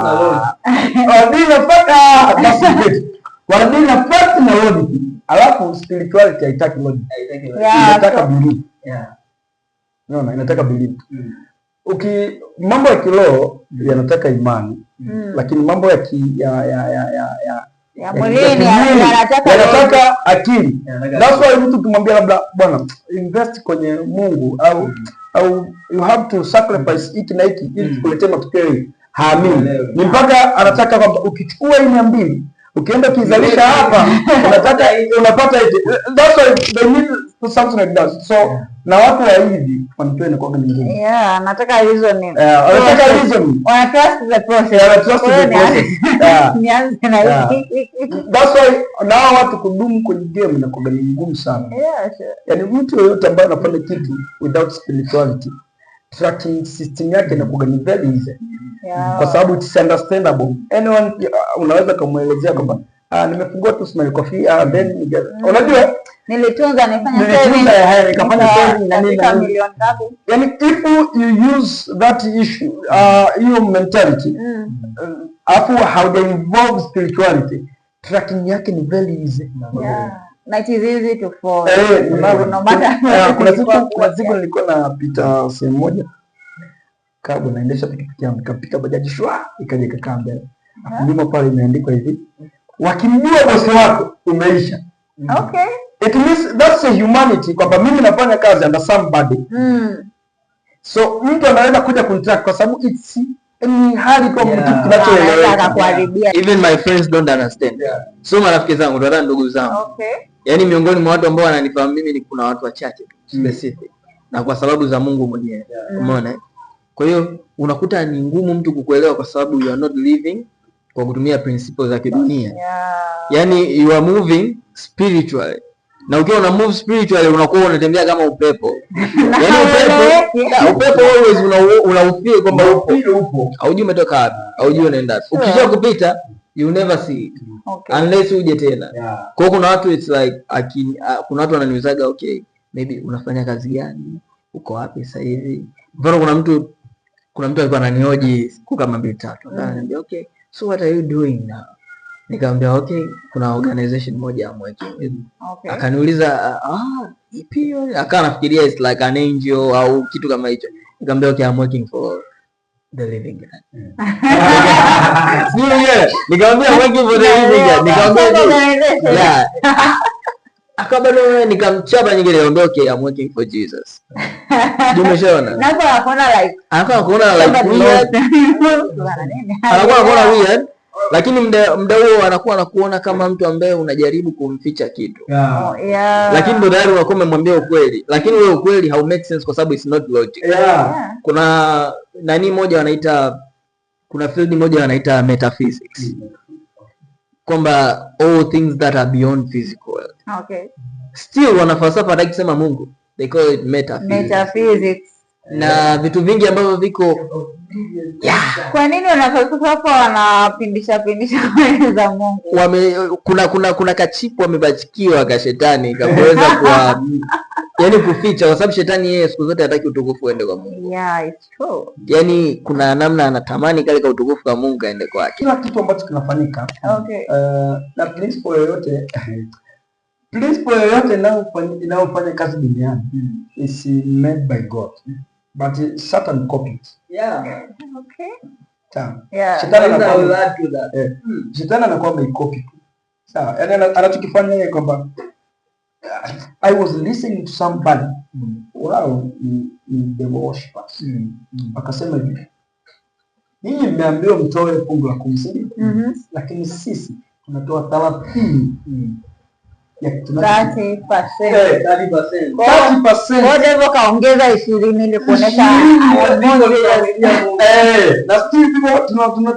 Ah. Alafu spirituality haitaki inataka inataka mm. Uki mambo ya kiroho mm. yanataka imani, mm. lakini mambo ya yanataka akili. mtu ukimwambia labda bwana invest kwenye Mungu au au you have to sacrifice hiki na hiki ili kukuletea matokeo hii haamini, ni mpaka anataka kwamba ukichukua hii aina mbili ukienda kuizalisha hapa unataka unapata that's why they need something like that so Na watu wa hivi wanatoa ni kwa ngine yeah, nataka hizo eh, ni nataka hizo ni wana trust the process wana trust the process nianze na hivi that's why na watu kudumu kwenye game na kwa ngine ngumu sana yeah sure. Yani mtu yoyote ambaye anafanya kitu without spirituality tracking system yake na kwa ngine very easy kwa sababu it's understandable anyone, uh, unaweza kumuelezea kwamba ah, nimefungua tu smile coffee ah, then mm. unajua nilitunza nifanya nilitunza haya nikafanya saving na nini na yani if you use that issue mm. ah, hiyo uh, mentality mm. Uh, afu how they involve spirituality tracking yake ni very easy yeah. Na it is easy to follow. Eh, no eh, matter. Eh, kuna siku nilikuwa napita sehemu moja kabu naendesha pikipiki yangu nikapita bajaji shwa ikaja ikakaa mbele. Alafu nyuma pale imeandikwa hivi wakimjua bosi wako umeisha. Mm. Okay. It means that's a humanity kwamba mimi nafanya kazi under somebody. Mm. So mtu anaenda kuja kuntrack kwa sababu it's ni hali kwa yeah. mtu kinachoeleweka. Even my friends don't understand. Yeah. So marafiki zangu ndio ndugu zangu. Okay. yani miongoni mwa watu ambao wananifahamu mimi ni kuna watu wachache mm. specific. Mm. Na kwa sababu za Mungu mwenyewe. Yeah. Mm. Umeona? Kwa hiyo unakuta ni ngumu mtu kukuelewa kwa sababu you are not living kwa kutumia principle za kidunia yeah. Yani you are moving spiritually na ukiwa una move spiritually unakuwa unatembea kama upepo yani upepo upepo always unaufeel kwamba upo, haujui umetoka wapi, haujui unaenda wapi. Ukisha kupita you never see it okay, unless uje tena yeah. Kwa hiyo kuna watu it's like aki, a, kuna watu wananiulizaga okay, maybe unafanya kazi gani, uko wapi sasa hivi? Mfano kuna mtu kuna mtu alikuwa ananioji siku kama mbili tatu, mm. okay, so what are you doing now? Nikamwambia okay, kuna organization moja ya working Okay. Akaniuliza ah, ah ipi? Akawa anafikiria it's like an angel au kitu kama hicho. Nikamwambia okay, I'm working for the living God. Nikamwambia working for the living God. Nikamwambia yeah akabado nikamchapa nyingine aondoke I'm working for Jesus. Umeshaona? nako akona like akona like weird, anakuwa akona weird, lakini mda mda huo anakuwa anakuona kama mtu ambaye unajaribu kumficha kitu yeah. Oh, yeah. Lakini ndo tayari unakuwa umemwambia ukweli, lakini wewe ukweli hau make sense kwa sababu it's not logic yeah. Yeah. Kuna nani moja wanaita, kuna field moja wanaita metaphysics mm -hmm kwamba all things that are beyond physical world. Ah, okay. Still wana falsafa hataki kusema Mungu, they call it metaphysics. Metaphysics. na vitu vingi ambavyo viko yeah. Kwa nini wana falsafa wanapindisha pindisha habari za Mungu? Wame, kuna kuna kuna kachipu wamebachikiwa kashetani kaweza kuwa yani kuficha, kwa sababu shetani yeye siku zote hataki utukufu uende kwa Mungu. Yeah, it's true. Yani kuna namna anatamani kale ka utukufu kwa Mungu kaende kwake. Kila kitu ambacho kinafanyika okay. Uh, na principle yoyote principle yoyote inayofanya kazi duniani hmm. is made by God but Satan copied. Yeah. Okay. Yeah. Shetani anakuwa eh, hmm. ameikopi. Sawa, yani anachokifanya yeye kwamba I was listening to somebody mm. wao ni, ni the worshipers mm. mm. akasema hivi, ninyi mmeambiwa mtoe fungu la kumi si mm -hmm. lakini sisi tunatoa thelathini mm. eh, hivyo kaongeza ishirini ili kuonesha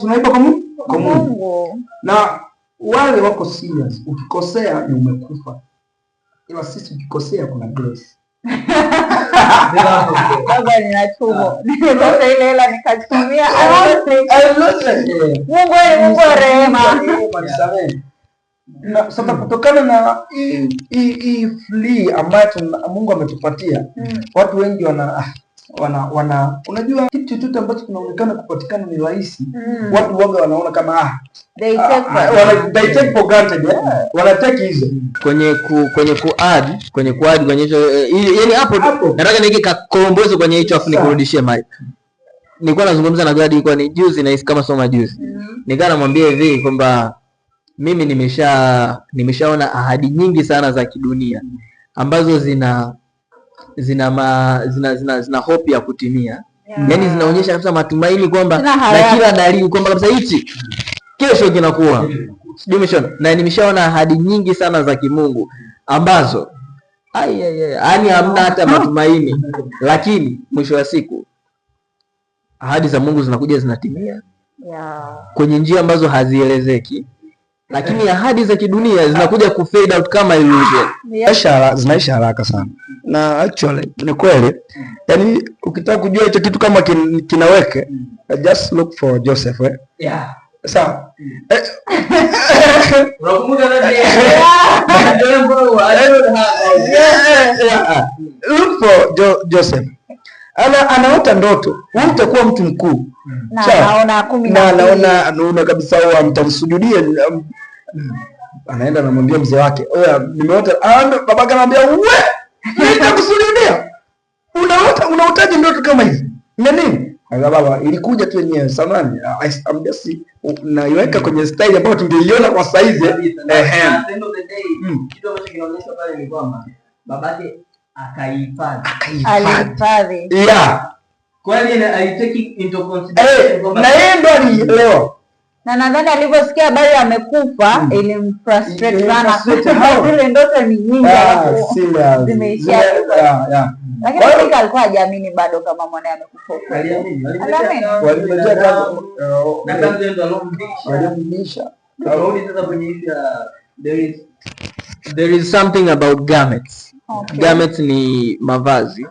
tunaiba kwa Mungu na wale wako serious, ukikosea ni umekufa ila sisi ukikosea kuna ah. ah. sasa kutokana na hii hii free ambayo Mungu ametupatia, hmm. watu wengi wana ah, wana wana unajua kitu chochote ambacho kinaonekana kupatikana ni rahisi mm. Watu waga wanaona kama ah, they ah, take for, ah, wana, they take for granted yeah. Mm. Wana take hizo kwenye ku, kwenye ku add kwenye ku add kwenye hicho eh, yani, hapo nataka niki kakombozo kwenye hicho afu nikurudishie mic. Nilikuwa nazungumza na Gadi kwa ni juzi, nahisi kama soma juzi mm. -hmm. Nikaa namwambia hivi kwamba mimi nimesha nimeshaona ahadi nyingi sana za kidunia ambazo zina zina, ma, zina, zina, zina hope ya kutimia yeah. Yani zinaonyesha kabisa matumaini kwamba na kila dalili kwamba kabisa hichi kesho kinakuwa sijui na nimeshaona ahadi nyingi sana za kimungu ambazo yaani hamna hata matumaini, lakini mwisho wa siku ahadi za Mungu zinakuja zinatimia yeah. kwenye njia ambazo hazielezeki lakini ahadi za kidunia zinakuja ku fade out kama ilivyo biashara Zinaisha haraka sana, na actually ni kweli. Yani ukitaka kujua hicho kitu kama kin, kinaweke mm. just look for Joseph eh? yeah. Sawa. Mm. Eh. unakumbuka Look for jo Joseph ana anaota ndoto, wewe utakuwa mtu mkuu na anaona na anaona anaona kabisa, mtamsujudia um, Hmm. anaenda anamwambia mzee wake, oya, nimeota. Baba kanaambia we, nitakusujudia unaota, unaotaje ndoto kama hizi na nini? Baba, ilikuja tu yenyewe, samani naiweka kwenye style ambayo tungeiona kwa saizi. Hmm. Eh, na yeye ndo alielewa na nadhani alivyosikia habari amekufa hmm. ilimfrustrate sana, zile oh. ndoto ni nyingi ah, zimeishia. Lakini Afrika alikuwa hajaamini bado kama mwanae amekufa, walimrudisha. Eh, there is something about garments. Garments ni mavazi.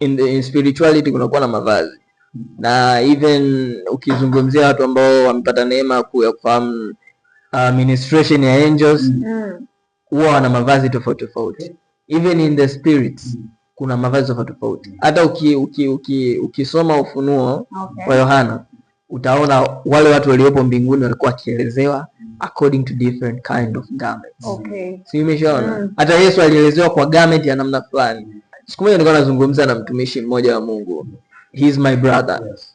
In the in spirituality kunakuwa na mavazi na even ukizungumzia watu ambao wamepata neema ya kufahamu administration uh, ya angels mm. huwa mm wana mavazi tofauti tofauti, even in the spirits kuna mavazi tofauti tofauti. Hata ukisoma uki, uki, uki Ufunuo okay. wa Yohana utaona wale watu waliopo mbinguni walikuwa wakielezewa according to different kind of garments. Okay. Si umeshaona? Mm. Hata Yesu alielezewa kwa garment ya namna fulani. Siku moja nilikuwa nazungumza na mtumishi mmoja wa Mungu he's my brother yes.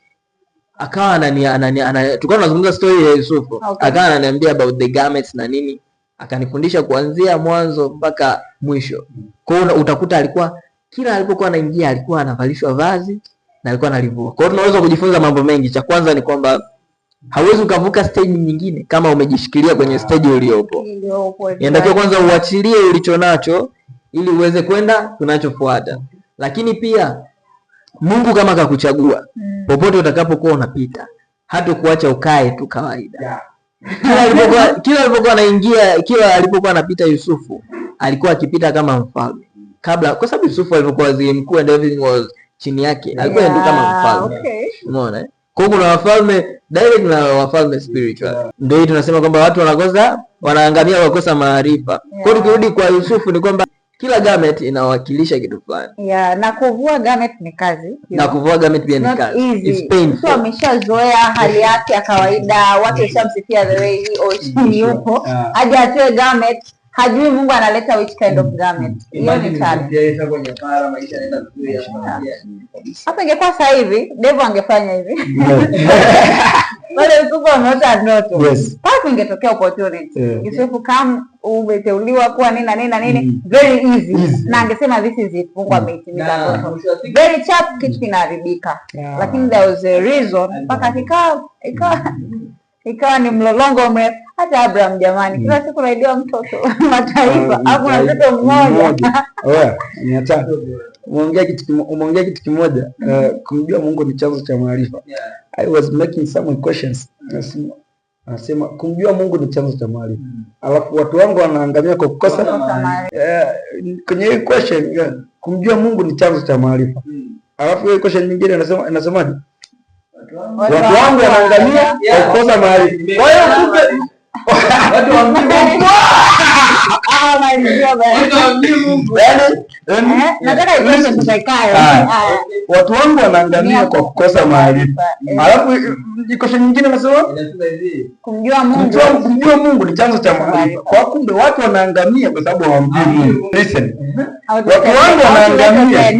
Akawa anani, anani, anani, tukawa tunazungumza story ya Yusufu okay. Akawa ananiambia about the garments na nini, akanifundisha kuanzia mwanzo mpaka mwisho. kwao utakuta alikuwa kila alipokuwa anaingia alikuwa anavalishwa vazi na alikuwa analivua. kwao tunaweza kujifunza mambo mengi. Cha kwanza ni kwamba hauwezi ukavuka stage nyingine kama umejishikilia kwenye stage uliopo. Inatakiwa kwanza uachilie ulicho nacho ili uweze kwenda kunachofuata, lakini pia Mungu kama kakuchagua mm. popote utakapokuwa unapita hata kuacha ukae tu kawaida yeah. kila alipokuwa anaingia kila alipokuwa anapita Yusufu alikuwa akipita kama mfalme kabla, kwa sababu Yusufu alipokuwa waziri mkuu and everything was chini yake alikuwa yeah, kama mfalme okay. Umeona, kwa hiyo kuna wafalme direct na wafalme spiritual. yeah. Ndio hii tunasema kwamba watu wanakosa wanaangamia wakosa maarifa yeah. Kwa hiyo tukirudi kwa Yusufu ni kwamba kila garment inawakilisha kitu fulani. Yeah, na kuvua garment ni kazi. you know? Na kuvua garment pia ni kazi. It's Mtu ameshazoea hali yake ya kawaida, watu washamsifia the way he or she yupo. Ah. Aje atoe garment, hajui Mungu analeta which kind of garment. Hiyo ni kazi. Hata ingekuwa sasa hivi, Devo angefanya hivi. Pale mkubwa ameota ndoto. Yes. Pasi ingetokea opportunity. Yeah. Yusufu kam umeteuliwa kuwa nini na nini na nini mm. Very easy. Easy. Na angesema this is it. Mungu mm. ameitimiza ndoto. Very chap mm. kitu kinaharibika. Yeah. Lakini there was a reason mpaka kikaa ikawa mm. ikawa ni mlolongo mrefu. Hata Abraham jamani, mm. kila siku naidiwa mtoto mataifa, ah, na mtoto mmoja. Oya, ni hatari umeongea kitu umeongea kitu kimoja Uh, kumjua Mungu ni chanzo cha maarifa yeah. I was making some questions nasema nasema mm-hmm. eh, eh, kumjua Mungu ni chanzo cha maarifa mm Alafu watu wangu wanaangamia kwa kukosa kwenye hii question yeah. Kumjua Mungu ni chanzo cha maarifa mm Alafu hiyo question nyingine inasema inasemaje? Watu wangu wanaangamia kwa kukosa maarifa. Kwa hiyo watu wangu wanaangamia kwa kukosa maarifa. Alafu ikosha nyingine nasema kumjua Mungu ni chanzo cha maarifa, kwa kumbe watu wanaangamia kwa sababu hawamjui Mungu. Listen, watu wangu wanaangamia